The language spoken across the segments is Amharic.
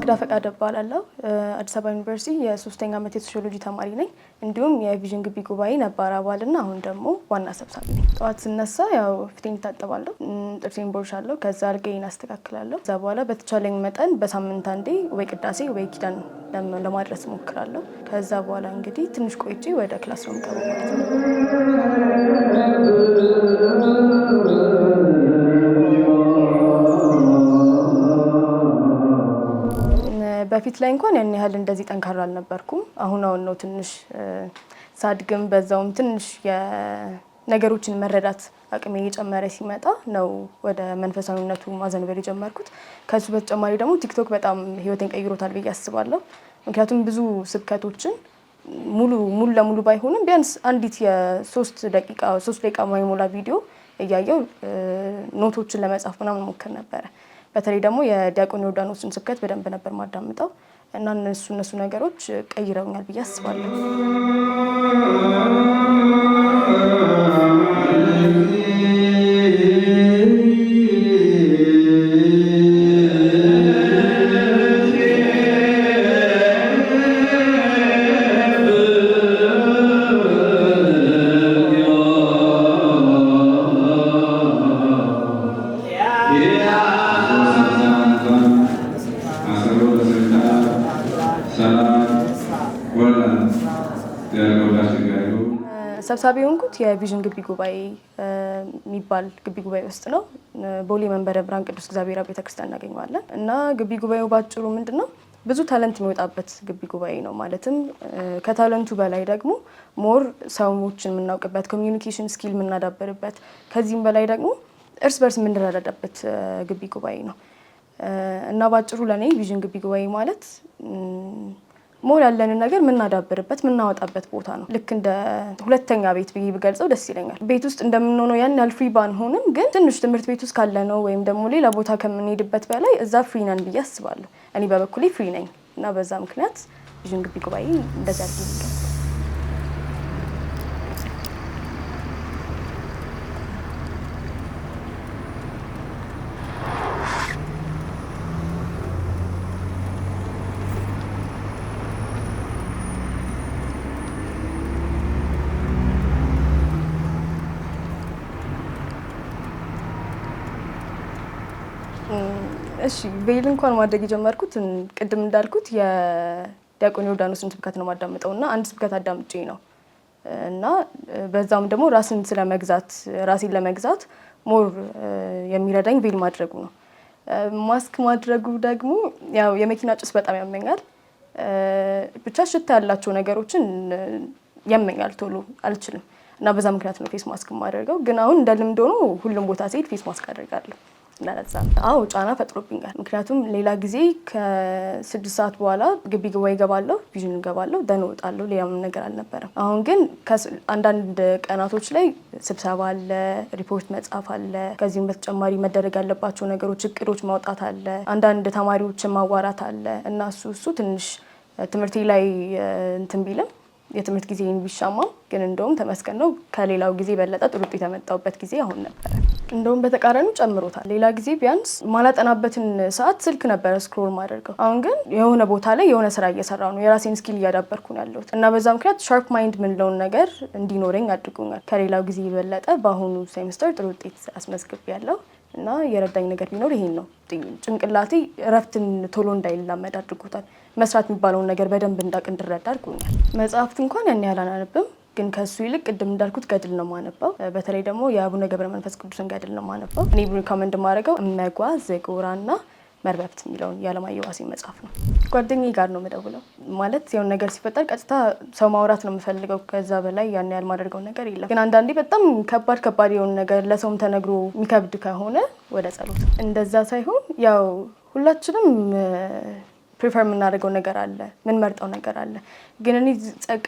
ማግዳ ፈቃደ እባላለሁ። አዲስ አበባ ዩኒቨርሲቲ የሶስተኛ ዓመት የሶሺዮሎጂ ተማሪ ነኝ። እንዲሁም የቪዥን ግቢ ጉባኤ ነባር አባልና አሁን ደግሞ ዋና ሰብሳቢ ነኝ። ጠዋት ስነሳ ያው ፊቴን እታጠባለሁ፣ ጥርሴን ቦርሻለሁ፣ ከዛ አልጋዬን አስተካክላለሁ። ከዛ በኋላ በተቻለኝ መጠን በሳምንት አንዴ ወይ ቅዳሴ ወይ ኪዳን ለማድረስ እሞክራለሁ። ከዛ በኋላ እንግዲህ ትንሽ ቆይቼ ወደ ክላስ ነው የምገባው ማለት ነው። በፊት ላይ እንኳን ያን ያህል እንደዚህ ጠንካራ አልነበርኩም። አሁን አሁን ነው ትንሽ ሳድግም በዛውም ትንሽ የነገሮችን መረዳት አቅሜ እየጨመረ ሲመጣ ነው ወደ መንፈሳዊነቱ ማዘንበር የጀመርኩት። ከሱ በተጨማሪ ደግሞ ቲክቶክ በጣም ህይወቴን ቀይሮታል ብዬ አስባለሁ። ምክንያቱም ብዙ ስብከቶችን ሙሉ ሙሉ ለሙሉ ባይሆንም ቢያንስ አንዲት የሶስት ደቂቃ ሶስት ደቂቃ ማይሞላ ቪዲዮ እያየው ኖቶችን ለመጻፍ ምናምን ሞክር ነበረ። በተለይ ደግሞ የዲያቆን ዮርዳኖስን ስብከት በደንብ ነበር ማዳምጠው እና እነሱ እነሱ ነገሮች ቀይረውኛል ብዬ አስባለሁ። ሰብሳቢ የሆንኩት የቪዥን ግቢ ጉባኤ የሚባል ግቢ ጉባኤ ውስጥ ነው። ቦሌ መንበረ ብርሃን ቅዱስ እግዚአብሔር ቤተክርስቲያን እናገኘዋለን እና ግቢ ጉባኤው ባጭሩ ምንድን ነው? ብዙ ታለንት የሚወጣበት ግቢ ጉባኤ ነው። ማለትም ከታለንቱ በላይ ደግሞ ሞር ሰዎችን የምናውቅበት፣ ኮሚዩኒኬሽን ስኪል የምናዳበርበት፣ ከዚህም በላይ ደግሞ እርስ በርስ የምንረዳዳበት ግቢ ጉባኤ ነው። እና ባጭሩ ለእኔ ቪዥን ግቢ ጉባኤ ማለት ሞል ያለንን ነገር የምናዳብርበት የምናወጣበት ቦታ ነው። ልክ እንደ ሁለተኛ ቤት ብዬ ብገልጸው ደስ ይለኛል። ቤት ውስጥ እንደምንሆነው ያን ያህል ፍሪ ባንሆንም ግን ትንሽ ትምህርት ቤት ውስጥ ካለነው ወይም ደግሞ ሌላ ቦታ ከምንሄድበት በላይ እዛ ፍሪ ነን ብዬ አስባለሁ። እኔ በበኩሌ ፍሪ ነኝ እና በዛ ምክንያት ቪዥን ግቢ ጉባኤ እንደዚያ እሺ ቬይል እንኳን ማድረግ የጀመርኩት ቅድም እንዳልኩት የዲያቆን ዮርዳኖስን ስብከት ነው ማዳምጠው እና አንድ ስብከት አዳምጬ ነው እና በዛም ደግሞ ራስን ስለመግዛት ራሴን ለመግዛት ሞር የሚረዳኝ ቬል ማድረጉ ነው። ማስክ ማድረጉ ደግሞ ያው የመኪና ጭስ በጣም ያመኛል። ብቻ ሽታ ያላቸው ነገሮችን ያመኛል፣ ቶሎ አልችልም እና በዛ ምክንያት ነው ፌስ ማስክ የማደርገው። ግን አሁን እንደ ልምድ ሆኖ ሁሉም ቦታ ሲሄድ ፌስ ማስክ አደርጋለሁ። እና ለዛ ጫና ፈጥሮብኛል። ምክንያቱም ሌላ ጊዜ ከስድስት ሰዓት በኋላ ግቢ ግባ ይገባለሁ፣ ቪዥን ይገባለሁ፣ ደን እወጣለሁ። ሌላም ነገር አልነበረም። አሁን ግን አንዳንድ ቀናቶች ላይ ስብሰባ አለ፣ ሪፖርት መጻፍ አለ። ከዚህም በተጨማሪ መደረግ ያለባቸው ነገሮች እቅዶች ማውጣት አለ፣ አንዳንድ ተማሪዎችን ማዋራት አለ እና እሱ እሱ ትንሽ ትምህርቴ ላይ እንትን ቢልም የትምህርት ጊዜ ቢሻማም ግን እንደውም ተመስገን ነው። ከሌላው ጊዜ በለጠ ጥሩ ውጤት ያመጣሁበት ጊዜ አሁን ነበረ። እንደውም በተቃራኒ ጨምሮታል። ሌላ ጊዜ ቢያንስ ማላጠናበትን ሰዓት ስልክ ነበረ ስክሮል ማደርገው፣ አሁን ግን የሆነ ቦታ ላይ የሆነ ስራ እየሰራ ነው፣ የራሴን ስኪል እያዳበርኩ ነው ያለሁት እና በዛ ምክንያት ሻርፕ ማይንድ ምንለውን ነገር እንዲኖረኝ አድርጎኛል። ከሌላው ጊዜ የበለጠ በአሁኑ ሴሚስተር ጥሩ ውጤት ያለው እና የረዳኝ ነገር ቢኖር ይሄን ነው። ጭንቅላቴ እረፍትን ቶሎ እንዳይላመድ አድርጎታል። መስራት የሚባለውን ነገር በደንብ እንዳቅ እንድረዳ አድርጎኛል። መጽሐፍት እንኳን ያን ያህል አናነብም፣ ግን ከእሱ ይልቅ ቅድም እንዳልኩት ገድል ነው ማነባው። በተለይ ደግሞ የአቡነ ገብረ መንፈስ ቅዱስን ገድል ነው ማነባው። እኔ ብሪካመንድ ማድረገው እመጓ ና መርበብት የሚለውን የአለማየሁ ዋሴ መጽሐፍ ነው። ጓደኛዬ ጋር ነው የምደውለው። ማለት የሆነ ነገር ሲፈጠር ቀጥታ ሰው ማውራት ነው የምፈልገው። ከዛ በላይ ያን ያህል ማደርገው ነገር የለም። ግን አንዳንዴ በጣም ከባድ ከባድ የሆነ ነገር ለሰውም ተነግሮ የሚከብድ ከሆነ ወደ ጸሎት። እንደዛ ሳይሆን ያው ሁላችንም ፕሪፈር የምናደርገው ነገር አለ፣ ምንመርጠው ነገር አለ። ግን እኔ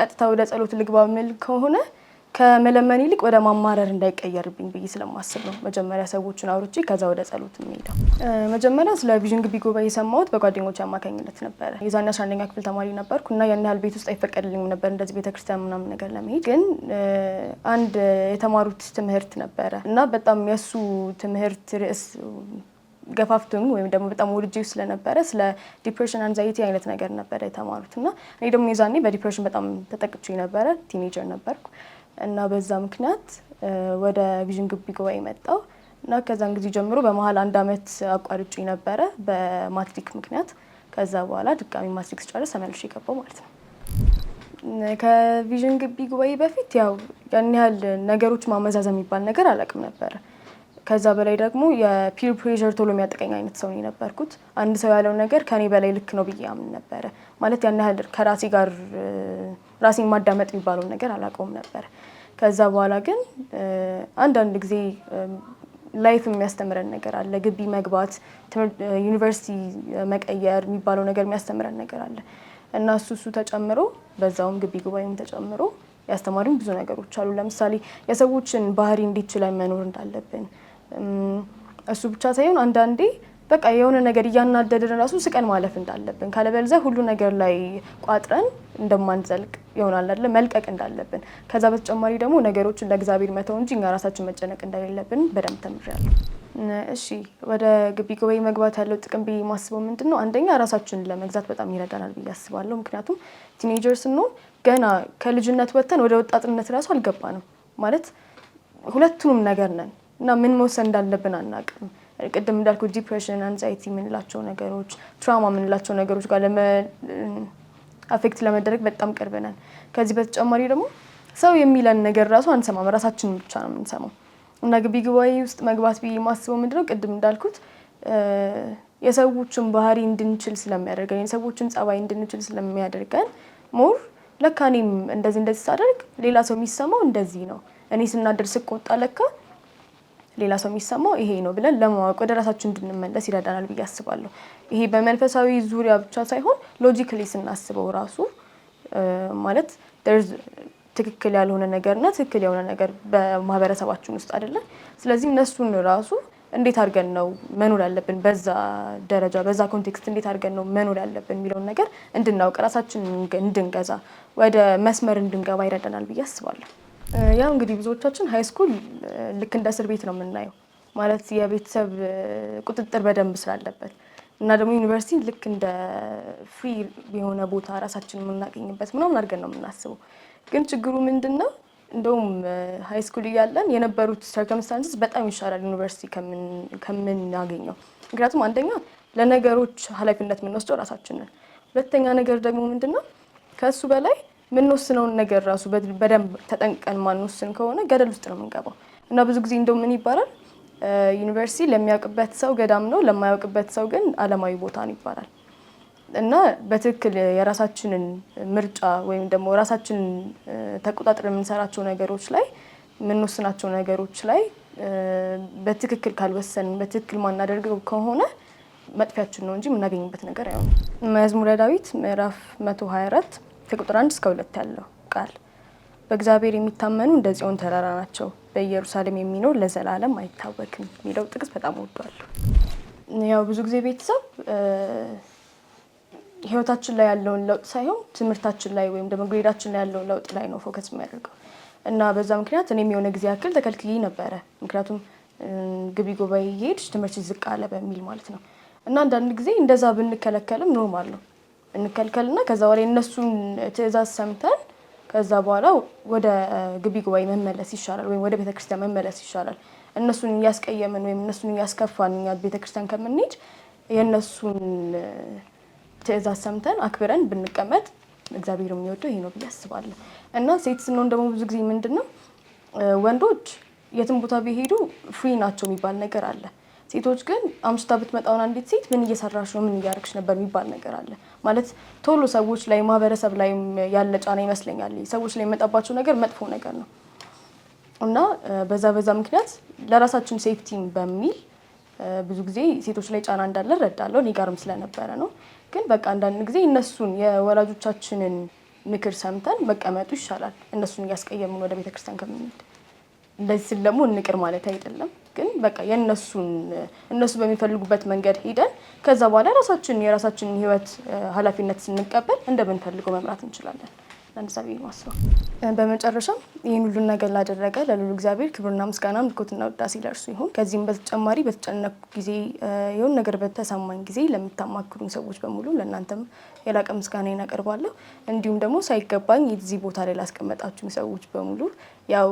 ቀጥታ ወደ ጸሎት ልግባ ምል ከሆነ ከመለመን ይልቅ ወደ ማማረር እንዳይቀየርብኝ ብዬ ስለማስብ ነው መጀመሪያ ሰዎቹን አውርቼ ከዛ ወደ ጸሎት የሚሄደው። መጀመሪያ ስለ ቪዥን ግቢ ጉባኤ የሰማሁት በጓደኞች አማካኝነት ነበረ። የዛኔ አስራ አንደኛ ክፍል ተማሪ ነበርኩ እና ያን ያህል ቤት ውስጥ አይፈቀድልኝም ነበር እንደዚህ ቤተክርስቲያን ምናምን ነገር ለመሄድ። ግን አንድ የተማሩት ትምህርት ነበረ እና በጣም የእሱ ትምህርት ርዕስ ገፋፍቶኝ ወይም ደግሞ በጣም ወድጄው ስለነበረ ስለ ዲፕሬሽን አንዛይቲ አይነት ነገር ነበረ የተማሩት እና እኔ ደግሞ የዛኔ በዲፕሬሽን በጣም ተጠቅቼ ነበረ። ቲኔጀር ነበርኩ እና በዛ ምክንያት ወደ ቪዥን ግቢ ጉባኤ መጣው እና ከዛን ጊዜ ጀምሮ በመሀል አንድ አመት አቋርጭ ነበረ በማትሪክ ምክንያት። ከዛ በኋላ ድጋሚ ማትሪክ ስጨርስ ተመልሼ የገባው ማለት ነው። ከቪዥን ግቢ ጉባኤ በፊት ያው ያን ያህል ነገሮች ማመዛዘን የሚባል ነገር አላውቅም ነበረ። ከዛ በላይ ደግሞ የፒር ፕሬዠር ቶሎ የሚያጠቀኝ አይነት ሰው የነበርኩት። አንድ ሰው ያለው ነገር ከኔ በላይ ልክ ነው ብዬ አምን ነበረ። ማለት ያን ያህል ከራሴ ጋር ራሴን ማዳመጥ የሚባለውን ነገር አላውቀውም ነበር። ከዛ በኋላ ግን አንዳንድ ጊዜ ላይፍ የሚያስተምረን ነገር አለ። ግቢ መግባት፣ ዩኒቨርሲቲ መቀየር የሚባለው ነገር የሚያስተምረን ነገር አለ እና እሱ እሱ ተጨምሮ በዛውም ግቢ ጉባኤም ተጨምሮ ያስተማሪም ብዙ ነገሮች አሉ። ለምሳሌ የሰዎችን ባህሪ እንዴት ችለን መኖር እንዳለብን እሱ ብቻ ሳይሆን አንዳንዴ በቃ የሆነ ነገር እያናደድን ራሱ ስቀን ማለፍ እንዳለብን ካለበለዚያ ሁሉ ነገር ላይ ቋጥረን እንደማንዘልቅ ይሆናል አይደለ? መልቀቅ እንዳለብን። ከዛ በተጨማሪ ደግሞ ነገሮችን ለእግዚአብሔር መተው እንጂ እኛ ራሳችን መጨነቅ እንደሌለብን በደንብ ተምሬያለሁ። እሺ፣ ወደ ግቢ ጉባኤ መግባት ያለው ጥቅም ብዬ ማስበው ምንድን ነው? አንደኛ ራሳችንን ለመግዛት በጣም ይረዳናል ብዬ አስባለሁ። ምክንያቱም ቲኔጀር ስንሆን ገና ከልጅነት ወጥተን ወደ ወጣትነት ራሱ አልገባንም ማለት ሁለቱንም ነገር ነን እና ምን መወሰን እንዳለብን አናቅም ቅድም እንዳልኩ ዲፕሬሽን፣ አንዛይቲ የምንላቸው ነገሮች፣ ትራውማ የምንላቸው ነገሮች ጋር አፌክት ለመደረግ በጣም ቅርብ ነን። ከዚህ በተጨማሪ ደግሞ ሰው የሚለን ነገር ራሱ አንሰማም፣ ራሳችንን ብቻ ነው የምንሰማው። እና ግቢ ጉባኤ ውስጥ መግባት ብዬ ማስበው ምንድነው ቅድም እንዳልኩት የሰዎችን ባህሪ እንድንችል ስለሚያደርገን የሰዎችን ጸባይ እንድንችል ስለሚያደርገን ሞር ለካ እኔም እንደዚህ እንደዚህ ሳደርግ ሌላ ሰው የሚሰማው እንደዚህ ነው፣ እኔ ስናደር ስቆጣ ለካ ሌላ ሰው የሚሰማው ይሄ ነው ብለን ለማወቅ ወደ ራሳችን እንድንመለስ ይረዳናል ብዬ አስባለሁ። ይሄ በመንፈሳዊ ዙሪያ ብቻ ሳይሆን ሎጂክሊ ስናስበው ራሱ ማለት ትክክል ያልሆነ እና ትክክል የሆነ ነገር በማህበረሰባችን ውስጥ አይደለም። ስለዚህ እነሱን ራሱ እንዴት አድርገን ነው መኖር ያለብን፣ በዛ ደረጃ በዛ ኮንቴክስት እንዴት አድርገን ነው መኖር ያለብን የሚለውን ነገር እንድናውቅ ራሳችን እንድንገዛ፣ ወደ መስመር እንድንገባ ይረዳናል ብዬ አስባለሁ። ያው እንግዲህ ብዙዎቻችን ሀይ ስኩል ልክ እንደ እስር ቤት ነው የምናየው፣ ማለት የቤተሰብ ቁጥጥር በደንብ ስላለበት እና ደግሞ ዩኒቨርሲቲ ልክ እንደ ፍሪ የሆነ ቦታ ራሳችን የምናገኝበት ምናምን አድርገን ነው የምናስበው። ግን ችግሩ ምንድን ነው? እንደውም ሀይ ስኩል እያለን የነበሩት ሰርከምስታንስስ በጣም ይሻላል ዩኒቨርሲቲ ከምናገኘው። ምክንያቱም አንደኛ ለነገሮች ኃላፊነት የምንወስደው ራሳችንን፣ ሁለተኛ ነገር ደግሞ ምንድን ነው ከእሱ በላይ የምንወስነውን ነገር ራሱ በደንብ ተጠንቀን ማንወስን ከሆነ ገደል ውስጥ ነው የምንገባው እና ብዙ ጊዜ እንደው ምን ይባላል ዩኒቨርሲቲ ለሚያውቅበት ሰው ገዳም ነው፣ ለማያውቅበት ሰው ግን አለማዊ ቦታ ነው ይባላል እና በትክክል የራሳችንን ምርጫ ወይም ደግሞ ራሳችንን ተቆጣጥር የምንሰራቸው ነገሮች ላይ የምንወስናቸው ነገሮች ላይ በትክክል ካልወሰንን በትክክል ማናደርገው ከሆነ መጥፊያችን ነው እንጂ የምናገኝበት ነገር አይሆንም። መዝሙረ ዳዊት ምዕራፍ 124 ከቁጥር አንድ እስከ ሁለት ያለው ቃል በእግዚአብሔር የሚታመኑ እንደ ጽዮን ተራራ ናቸው፣ በኢየሩሳሌም የሚኖር ለዘላለም አይታወክም የሚለው ጥቅስ በጣም ወዷለሁ። ያው ብዙ ጊዜ ቤተሰብ ህይወታችን ላይ ያለውን ለውጥ ሳይሆን ትምህርታችን ላይ ወይም ደግሞ ግሬዳችን ላይ ያለውን ለውጥ ላይ ነው ፎከስ የሚያደርገው እና በዛ ምክንያት እኔም የሆነ ጊዜ ያክል ተከልክዬ ነበረ። ምክንያቱም ግቢ ጉባኤ እየሄድሽ ትምህርት ዝቅ አለ በሚል ማለት ነው። እና አንዳንድ ጊዜ እንደዛ ብንከለከልም ኖርማል ነው። እንከልከልና ከዛ በኋላ የእነሱን ትዕዛዝ ሰምተን ከዛ በኋላ ወደ ግቢ ጉባኤ መመለስ ይሻላል፣ ወይም ወደ ቤተክርስቲያን መመለስ ይሻላል። እነሱን እያስቀየምን ወይም እነሱን እያስከፋን እኛ ቤተክርስቲያን ከምንሄድ የእነሱን ትዕዛዝ ሰምተን አክብረን ብንቀመጥ እግዚአብሔር የሚወደው ይሄ ነው ብዬ አስባለሁ። እና ሴት ስንሆን ደግሞ ብዙ ጊዜ ምንድን ነው ወንዶች የትም ቦታ ቢሄዱ ፍሪ ናቸው የሚባል ነገር አለ ሴቶች ግን አምስታ ብትመጣውን አንዲት ሴት ምን እየሰራሽ ነው፣ ምን እያደረግሽ ነበር የሚባል ነገር አለ። ማለት ቶሎ ሰዎች ላይ ማህበረሰብ ላይ ያለ ጫና ይመስለኛል። ሰዎች ላይ የመጣባቸው ነገር መጥፎ ነገር ነው እና በዛ በዛ ምክንያት ለራሳችን ሴፍቲም በሚል ብዙ ጊዜ ሴቶች ላይ ጫና እንዳለ እረዳለሁ። እኔ ጋርም ስለነበረ ነው። ግን በቃ አንዳንድ ጊዜ እነሱን የወላጆቻችንን ምክር ሰምተን መቀመጡ ይሻላል፣ እነሱን እያስቀየምን ወደ ቤተክርስቲያን ከምንሄድ። እንደዚህ ስል ደግሞ እንቅር ማለት አይደለም ግን በቃ የእነሱን እነሱ በሚፈልጉበት መንገድ ሄደን ከዛ በኋላ ራሳችን የራሳችንን ህይወት ኃላፊነት ስንቀበል እንደምንፈልገው መምራት እንችላለን። ለምሳሌ ማስበው በመጨረሻም ይህን ሁሉን ነገር ላደረገ ለልዑል እግዚአብሔር ክብርና ምስጋና ምልኮትና ውዳሴ ለእርሱ ይሁን። ከዚህም በተጨማሪ በተጨነኩ ጊዜ የሆን ነገር በተሰማኝ ጊዜ ለምታማክሩኝ ሰዎች በሙሉ ለእናንተም የላቀ ምስጋና ይናቀርባለሁ። እንዲሁም ደግሞ ሳይገባኝ የዚህ ቦታ ላይ ላስቀመጣችሁኝ ሰዎች በሙሉ ያው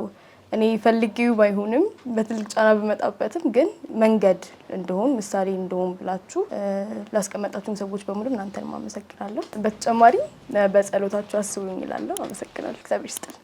እኔ ፈልጌው ባይሆንም በትልቅ ጫና ብመጣበትም ግን መንገድ እንደሆን ምሳሌ እንደሆን ብላችሁ ላስቀመጣችሁን ሰዎች በሙሉ እናንተንም አመሰግናለሁ። በተጨማሪ በጸሎታችሁ አስቡኝ ይላለሁ። አመሰግናለሁ። እግዚአብሔር ይስጥልኝ።